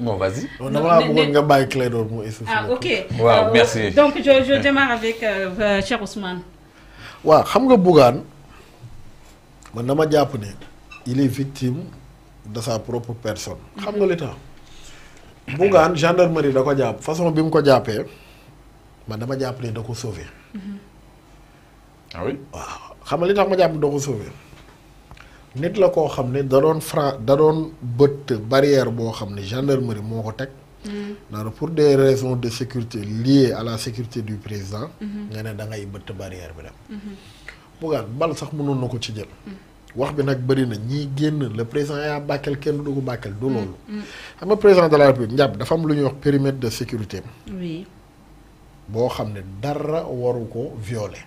Bon, vas-y. On Ah, ok. Euh, merci. Donc, je, démarre avec euh, euh, cher Ousmane. Wa, xam nga Bougan man dama il est victime de sa propre personne. xam nga que Bougan gendarmerie dako de façon je ko jappé man dama ne sauver. Mhm. ah oui wa xam nga li ma sauver nit la koo xam da da barrière gendarmerie pour des raisons de sécurité liées à la sécurité du président. Mm-hmm. nga da ngay barrière bi mm-hmm. sax ci mm-hmm. wax bi le président yaa bàkkeel kenn du ko du xam président de la république njàpp dafa périmètre de sécurité. oui. boo xam ne dara waru ko violer.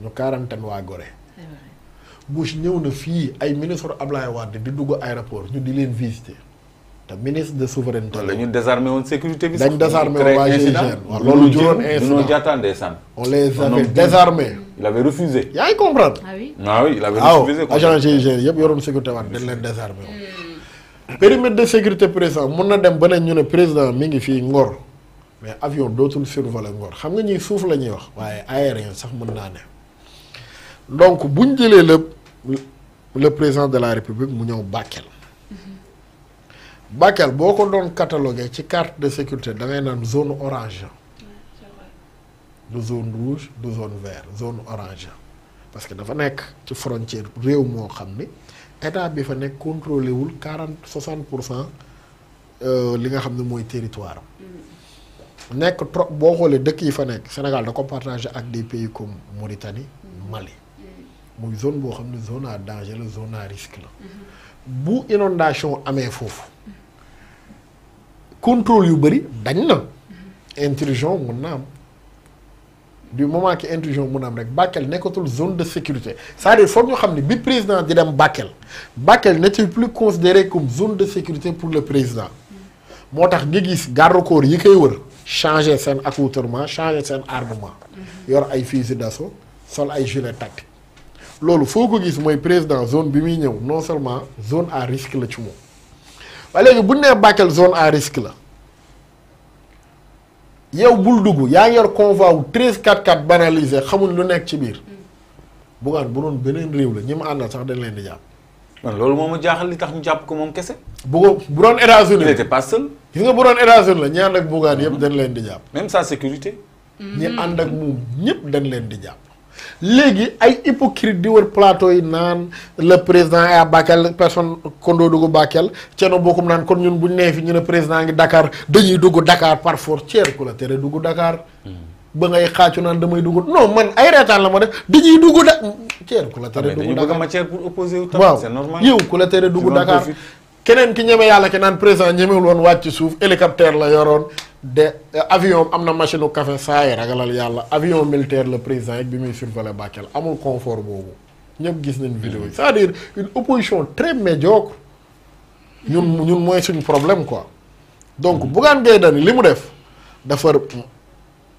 ñu quarantaine waa Gorée. Bush ñëw na fii ay ministre Ablaye Wade di dugg aéroport ñu di leen visiter te ministre de souveraineté. wala ñu désarmé woon sécurité bi. dañ désarmé waa GIGN waaw loolu juróom incident ñu jàttandee sànn. on les avait désarmés. il avait refusé. yaa ngi comprendre. ah oui ah oui il avait refusé. waaw agent GIGN yëpp yoroon sécurité waat dañ leen désarmé woon. Hmm. périmètre de sécurité présent. mun na dem ba ne ñu ne président mi ngi fii Ngor mais avion dootul survolé Ngor xam nga ñuy suuf la ñuy wax waaye aérien sax mën naa ne donc le le président de la république mu ñëw Bakel. Bakel boo ko doon catalogué ci carte de sécurité y a une zone orange. du zone rouge du zone vert zone orange. parce que dafa nekk ci frontière réew moo xam état bi fa contrôlé wul quarante soixante pour euh, li nga territoire nekk trop les xoolee dëkk yi fa nekk Sénégal da ko des pays comme Mauritanie Mali une zone boo zone à danger zone à risque la bu inondation amee foofu contrôle yu bëri dañ na intrusion mun du moment que intrusion est na rek Bakel zone de sécurité c'est-à-dire foog ñu savoir que bi président di dem Bakel Bakel n'est plus considéré comme zone de sécurité pour le président moo tax nga gis garde-corps yi wër changer son accoutrement changer seen armement mm-hmm. yor ay fusil d'assaut sol ay gilets tactique loolu foko gis moy président zone bi non seulement zone à risque la ci bu zone à risque la yow bul dugg vous avez un convoi 13 4-4 banalisé xamul lu nekk ci bu bu doon benen réew la ñi ma sax dañ leen di japp man moma jaaxal li tax ñu japp ko mom kessé bu ko bu doon états il pas seul. gis nga bu doon états la mm-hmm. dañ leen di même sa sécurité. ñi convoi ak dañ leen di léegi ay hypocrite di wër plateau yi naan le président est à Bakel kon doo dugg Bakel Thierno Bocoum naan kon ñun bu ñu nee fi ñu ne président ngi Dakar dañuy dugg Dakar par force ku la tere dugg dakaar hmm. ba ngay xaacu naan damay dugg non man ay reetaan la ma def dañuy dugg da Thierno ku la tere dugg Dakar waaw yow ku la tere dugg Dakar. kenen ki ñeme yalla ki naan président ñemewul won wacc suuf hélicoptère la yoroon de euh, avion amna na machine café saa ragalal yalla avion militaire le président bi muy survolé Bakel amul confort bobu ñëpp gis nañ vidéo c'est-à-dire une opposition très médiocre ñun ñun moy suñu problème quoi donc mm-hmm. Bougane Gueye Dany li mu def dafa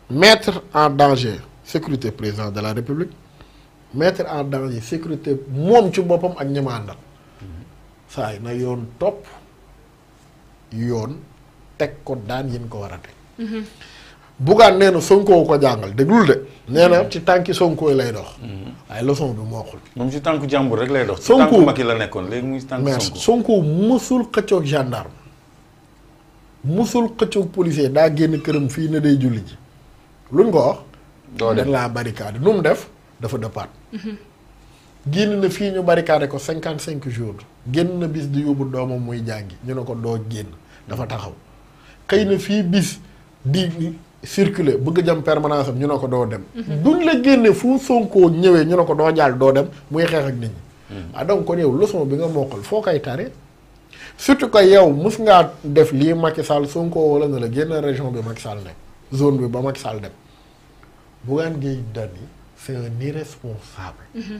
mettre en danger sécurité président de la République mettre en danger sécurité mom ci bopam ak ñëma ma saay na yoon topp yoon teg ko daan yin ko war a teg mhm. Bougane nee na Sonko ko jàngal déglul de nee na mhm. ci tànki Sonko lay dox waaye mhm. leçon bi moo xul moom ci tànku jàmbur rek lay dox Sonko tànku Macky la nekkoon léegi muy tànku Sonko Sonko mësul xëccoog gendarme mësul xëccoog policier daa génn këram fii na day julli ji luñ ko wax dañ laa barricade nu mu def dafa dëppaat génn fii ñu barricadé ko cinquante jours génn bis du yóbbu doomam muy jàngi ñu ne dafa taxaw bis di circuler bëgg permanence ñu ne ko dem mhm. duñ la génne fu Sonko ñëwee ñu ne ko doo dem muy xeex ak nit ñi mhm. ah leçon bi nga surtout def wala la génn région bi Macky zone bi ba Macky dem c'est un irresponsable mhm.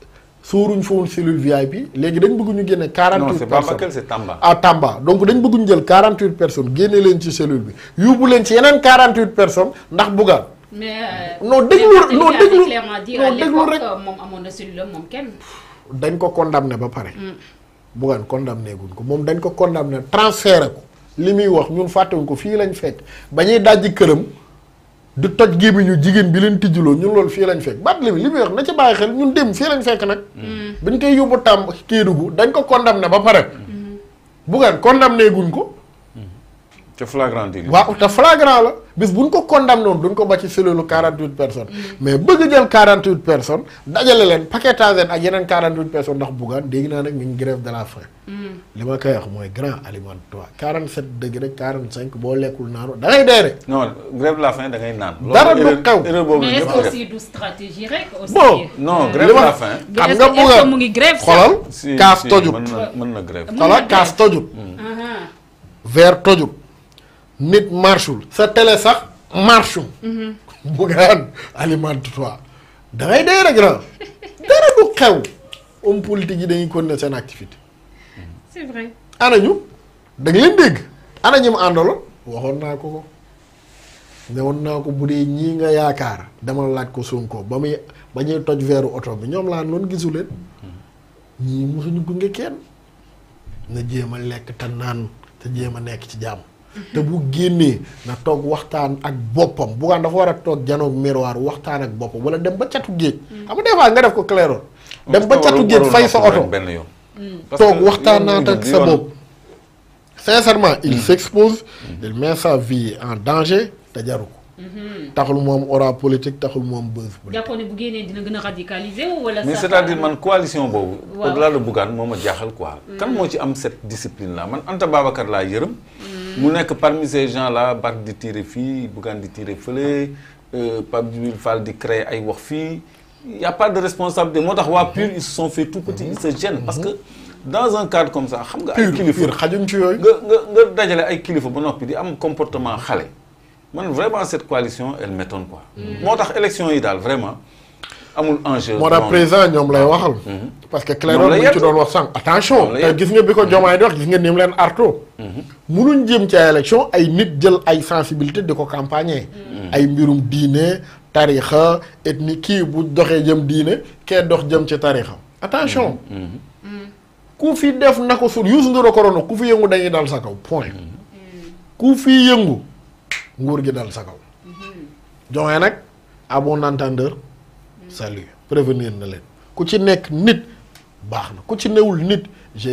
sur une cellule VIP on dañ 48 personnes non c'est Tamba. ah Tamba donc dañ bëgg ñu 48 personnes génne leen ci cellule bi personnes leen ci 48 personnes ndax bugaan. mais euh, non déglu non déglu non rek euh, cellule mom kenn. dañ ko condamné ba mm. condamné guñ ko On dañ ko condamné transféré ko limi wax ñun ko fi lañ dajji di toj gémmiñu jigéen bi leen tijjuloo ñun loolu fii lañ fekk baat li li muy wax na ci bàyyi xel ñun dem fii lañ fekk nag. Mm. bi ñu koy yóbbu tàmb Kédougou dañ ko ne ba pare. Mm. bu gaan condamné guñ ko. te flagrant waaw te flagrant la bis bu ñu ko condamné woon duñ ko ba ci cellule 48 personnes. Mm-hmm. mais bëgg jël 48 personnes dajale leen paquetage ak yeneen 48 personnes ndax Bougane dégg naa nag mi ngi grève de la faim. Mm. li ma koy wax mooy grand alimentaire 47 degré 45 boo lekkul naanu da ngay dee rek. non grève de la faim da ngay naan. dara du xew erreur boobu mais mm. xam nga Bougane mu ngi grève xolal. kaas tojut. Uh-huh. verre tojut. nit marchul sa télé sax marchul. bougan mhm. alimente-toi da grand dara du xew politique yi dañuy continuer activité. c'est vrai. ana da nga leen dégg ana on waxoon naa ko ko newoon nga yaakaar dama laaj ko sunko ba muy toj oto bi ñoom laa noonu ñii gunge kenn na jéem a lekk te a ci te bu génnee na toog waxtaan ak boppam bugaan dafa war a toog janoog miroir waxtaan ak boppam wala dem ba catu géej. xam nga des def ko clairon. dem ba catu géej fay sa oto mm. toog waxtaanaat ak sa bopp. sincèrement il mm. s'expose. Mm. il met sa vie en danger te jaru ko. Mm-hmm. taxul moom aura politique taxul moom buzz. jàppoon ne bu génnee dina gën a radicaliser wala. mais man coalition boobu. au-delà de Bougane moo ma jaaxal quoi. kan moo ci am cette discipline man Anta Babacar laa yërëm. mu que parmi ces gens-là Bac de tirer fii Bougane di tirer fële euh, Pape di créer y' a pas de responsable moo tax waa ils se sont fait tout petits ils se gênent parce que dans un cadre comme ça xam nga ay kilifa xajuñ ci yooyu nga nga nga ay tu di am comportement chaleur vraiment cette coalition elle m'étonne quoi mm. moo élection yi vraiment amul enjeu. moo tax président ñoom lay ah. waxal. Mhm. parce que clairement, mu ci doon wax sànq. attention te gis nga bi ko mhm. Diomaye di wax gis nga ni mu leen arto mhm. munuñ jëm ci ay élection ay nit jël ay sensibilité di campagne. campagner. ay mbirum diine tarixa ethnique, kii bu doxee jëm diine kee dox jëm ci tarixa attention. ku fi def nako sul sur Youssou Ndour korona ku fi yëngu dañuy dal sa kaw point. ku fi yëngu nguur gi dal sa kaw. Diomaye nag à entendeur. Salut, prévenir Nalet. Continuez à faire des choses. Continuez à faire des choses.